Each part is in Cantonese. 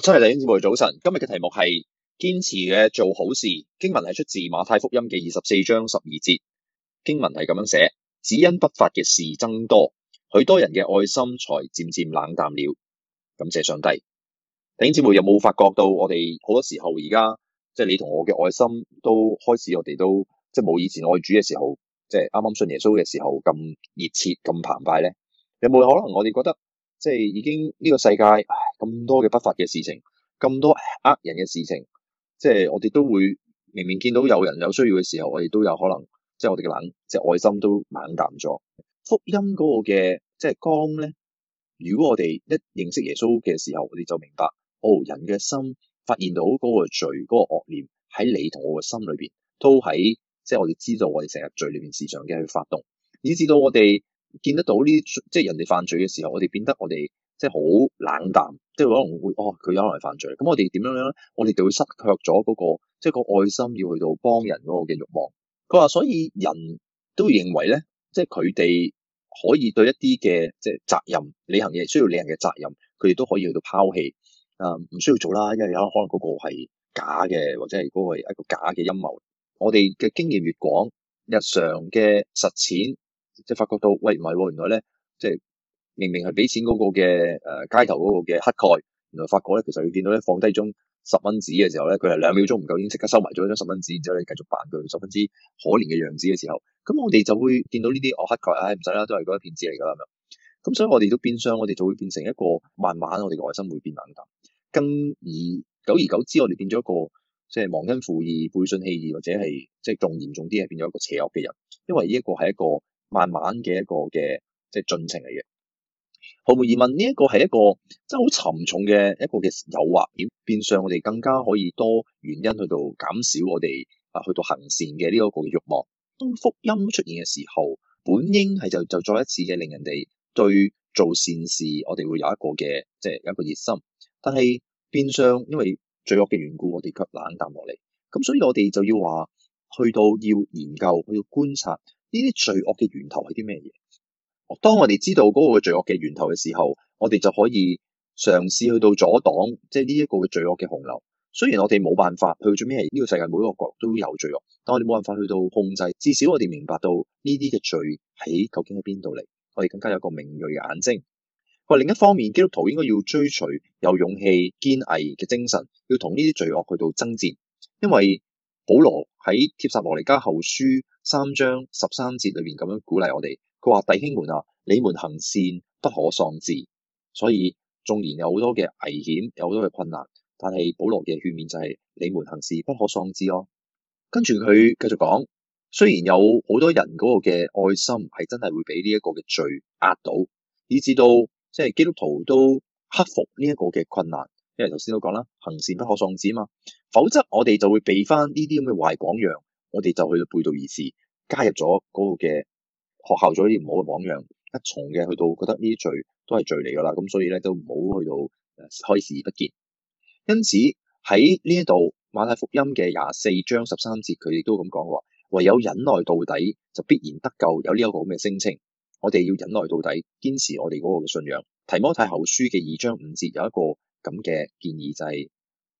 真係、哦、弟兄姊妹早晨，今日嘅題目係堅持嘅做好事。經文係出自馬太福音嘅二十四章十二節，經文係咁樣寫：只因不法嘅事增多，許多人嘅愛心才漸漸冷淡了。感謝上帝，弟兄姊妹有冇發覺到我哋好多時候而家即係你同我嘅愛心都開始我都，我哋都即係冇以前愛主嘅時候，即係啱啱信耶穌嘅時候咁熱切、咁澎湃咧？有冇可能我哋覺得即係、就是、已經呢個世界？咁多嘅不法嘅事情，咁多呃人嘅事情，即係我哋都會明明見到有人有需要嘅時候，我哋都有可能即係我哋嘅冷，即係愛心都冷淡咗。福音嗰個嘅即係光咧，如果我哋一認識耶穌嘅時候，我哋就明白，哦，人嘅心發現到嗰個罪，嗰個惡念喺你同我嘅心裏邊，都喺即係我哋知道我哋成日罪裏邊時常嘅去發動，以至到我哋見得到呢，即係人哋犯罪嘅時候，我哋變得我哋。即係好冷淡，即係可能會哦，佢有可能係犯罪。咁我哋點樣樣咧？我哋就會失卻咗嗰個，即係個愛心要去到幫人嗰個嘅欲望。佢話：所以人都認為咧，即係佢哋可以對一啲嘅即係責任，履行嘢需要履行嘅責任，佢哋都可以去到拋棄啊，唔、呃、需要做啦，因為有可能嗰個係假嘅，或者係嗰個係一個假嘅陰謀。我哋嘅經驗越廣，日常嘅實踐即係發覺到，喂唔係喎，原來咧即係。明明係俾錢嗰個嘅誒、呃、街頭嗰個嘅乞丐，原來發覺咧，其實佢見到咧放低張十蚊紙嘅時候咧，佢係兩秒鐘唔夠已經即刻收埋咗張十蚊紙，然之後咧繼續扮佢十分之可憐嘅樣子嘅時候，咁我哋就會見到呢啲惡乞丐，唉，唔使啦，都係嗰一騙子嚟㗎啦咁樣。咁所以我哋都變相，我哋就會變成一個慢慢我哋嘅外心會變冷淡，更而久而久之，我哋變咗一個即係忘恩負義、背信棄義，或者係即係仲嚴重啲係變咗一個邪惡嘅人，因為呢一個係一個慢慢嘅一個嘅即係進程嚟嘅。毫無疑問，呢一個係一個即係好沉重嘅一個嘅誘惑，變變相我哋更加可以多原因去到減少我哋啊去到行善嘅呢一個嘅慾望。當福音出現嘅時候，本應係就就再一次嘅令人哋對做善事，我哋會有一個嘅即係有一個熱心。但係變相因為罪惡嘅緣故，我卻，我哋卻冷淡落嚟。咁所以我哋就要話，去到要研究，去到觀察呢啲罪惡嘅源頭係啲咩嘢？當我哋知道嗰個罪惡嘅源頭嘅時候，我哋就可以嘗試去到阻擋，即係呢一個嘅罪惡嘅洪流。雖然我哋冇辦法，去做咩，呢個世界每一個國都有罪惡，但我哋冇辦法去到控制。至少我哋明白到呢啲嘅罪喺究竟喺邊度嚟，我哋更加有一個敏銳嘅眼睛。話另一方面，基督徒應該要追隨有勇氣、堅毅嘅精神，要同呢啲罪惡去到爭戰。因為保羅喺帖撒羅尼迦後書三章十三節裏邊咁樣鼓勵我哋。話弟兄們啊，你們行善不可喪志，所以縱然有好多嘅危險，有好多嘅困難，但係保羅嘅勸勉就係、是、你們行善不可喪志咯。跟住佢繼續講，雖然有好多人嗰個嘅愛心係真係會俾呢一個嘅罪壓倒，以至到即係基督徒都克服呢一個嘅困難，因為頭先都講啦，行善不可喪志啊嘛，否則我哋就會避翻呢啲咁嘅壞榜樣，我哋就去到背道而馳，加入咗嗰、那個嘅。學校咗啲唔好嘅榜樣，一從嘅去到覺得呢啲罪都係罪嚟㗎啦，咁所以咧都唔好去到可以視而不見。因此喺呢一度馬太福音嘅廿四章十三節，佢亦都咁講話，唯有忍耐到底就必然得救，有呢一個咁嘅聲稱。我哋要忍耐到底，堅持我哋嗰個嘅信仰。提摩太後書嘅二章五節有一個咁嘅建議，就係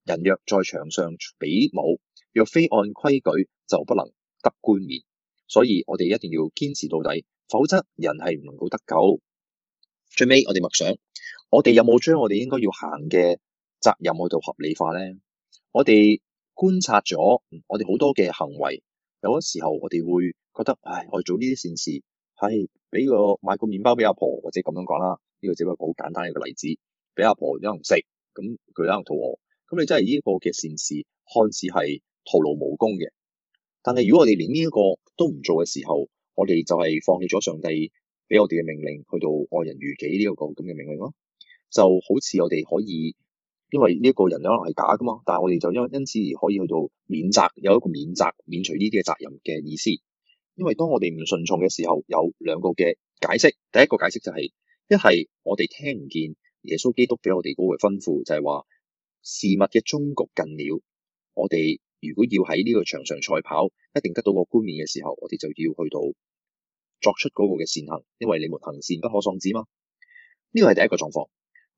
人若在場上比武，若非按規矩就不能得冠冕。所以我哋一定要堅持到底，否則人係唔能夠得救。最尾我哋默想，我哋有冇將我哋應該要行嘅責任去到合理化咧？我哋觀察咗，我哋好多嘅行為，有啲時候我哋會覺得，唉，我做呢啲善事，係俾個買個麵包俾阿婆，或者咁樣講啦，呢個只不過好簡單一個例子，俾阿婆一啖食，咁佢可能肚餓，咁你真係呢個嘅善事看似係徒勞無功嘅。但係如果我哋連呢一個都唔做嘅時候，我哋就係放棄咗上帝俾我哋嘅命令，去到愛人如己呢個咁嘅命令咯。就好似我哋可以，因為呢一個人可能係假嘅嘛，但係我哋就因因此而可以去到免責，有一個免責、免除呢啲嘅責任嘅意思。因為當我哋唔順從嘅時候，有兩個嘅解釋。第一個解釋就係一係我哋聽唔見耶穌基督俾我哋嗰個吩咐，就係話事物嘅終局近了，我哋。如果要喺呢個場上賽跑，一定得到個冠冕嘅時候，我哋就要去到作出嗰個嘅善行，因為你們行善不可喪志嘛。呢、這個係第一個狀況。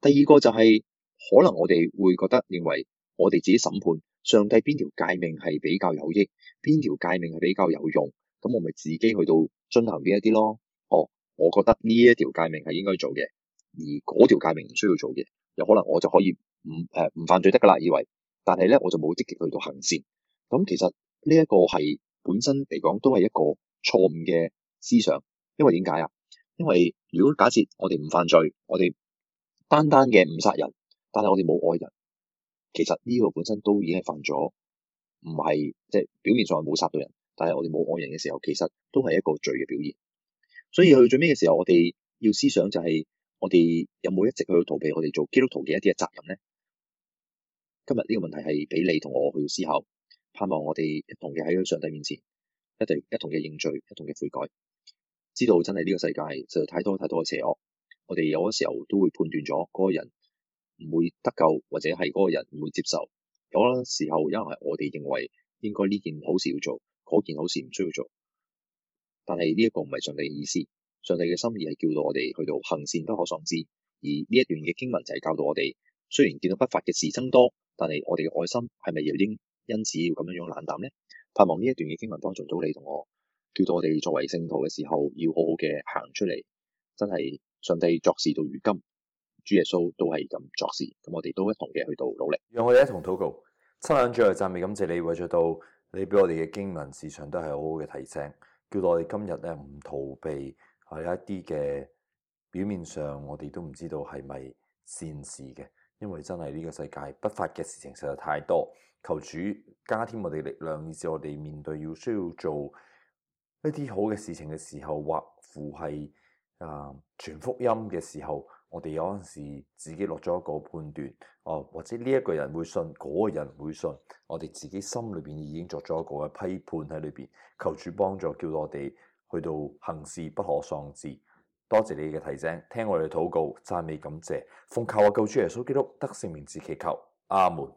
第二個就係、是、可能我哋會覺得認為我哋自己審判上帝邊條誡命係比較有益，邊條誡命係比較有用，咁我咪自己去到進行邊一啲咯。哦，我覺得呢一條誡命係應該做嘅，而嗰條誡命唔需要做嘅，有可能我就可以唔誒唔犯罪得㗎喇，以為，但係咧我就冇積極去到行善。咁其實呢一個係本身嚟講都係一個錯誤嘅思想，因為點解啊？因為如果假設我哋唔犯罪，我哋單單嘅唔殺人，但係我哋冇愛人，其實呢個本身都已經係犯咗。唔係即係表面上冇殺到人，但係我哋冇愛人嘅時候，其實都係一個罪嘅表現。所以去最尾嘅時候，我哋要思想就係我哋有冇一直去逃避我哋做基督徒嘅一啲嘅責任咧？今日呢個問題係俾你同我去思考。盼望我哋一同嘅喺上帝面前，一定一同嘅認罪，一同嘅悔改。知道真係呢個世界就太多太多嘅邪惡，我哋有嘅時候都會判斷咗嗰個人唔會得救，或者係嗰個人唔會接受。有嗰時候，因為我哋認為應該呢件好事要做，嗰件好事唔需要做。但係呢一個唔係上帝嘅意思，上帝嘅心意係叫到我哋去到行善不可喪志，而呢一段嘅經文就係教導我哋，雖然見到不法嘅事增多，但係我哋嘅愛心係咪要應？因此要咁樣樣冷淡咧，盼望呢一段嘅經文，當中到你同我，叫到我哋作為聖徒嘅時候，要好好嘅行出嚟。真係上帝作事到如今，主耶穌都係咁作事，咁我哋都一同嘅去到努力。讓我哋一同禱告。親，最後讚美感謝你為咗到你俾我哋嘅經文，時常都係好好嘅提醒，叫到我哋今日咧唔逃避，有一啲嘅表面上我哋都唔知道係咪善事嘅。因為真係呢個世界不法嘅事情實在太多，求主加添我哋力量，以至我哋面對要需要做一啲好嘅事情嘅時候，或乎係啊傳福音嘅時候，我哋有陣時自己落咗一個判斷，哦、啊，或者呢一個人會信，嗰、那個人唔會信，我哋自己心裏邊已經作咗一個批判喺裏邊，求主幫助，叫我哋去到行事不可喪志。多謝你嘅提醒，聽我哋禱告、讚美、感謝，奉求我救主耶穌基督得勝名字祈求，阿門。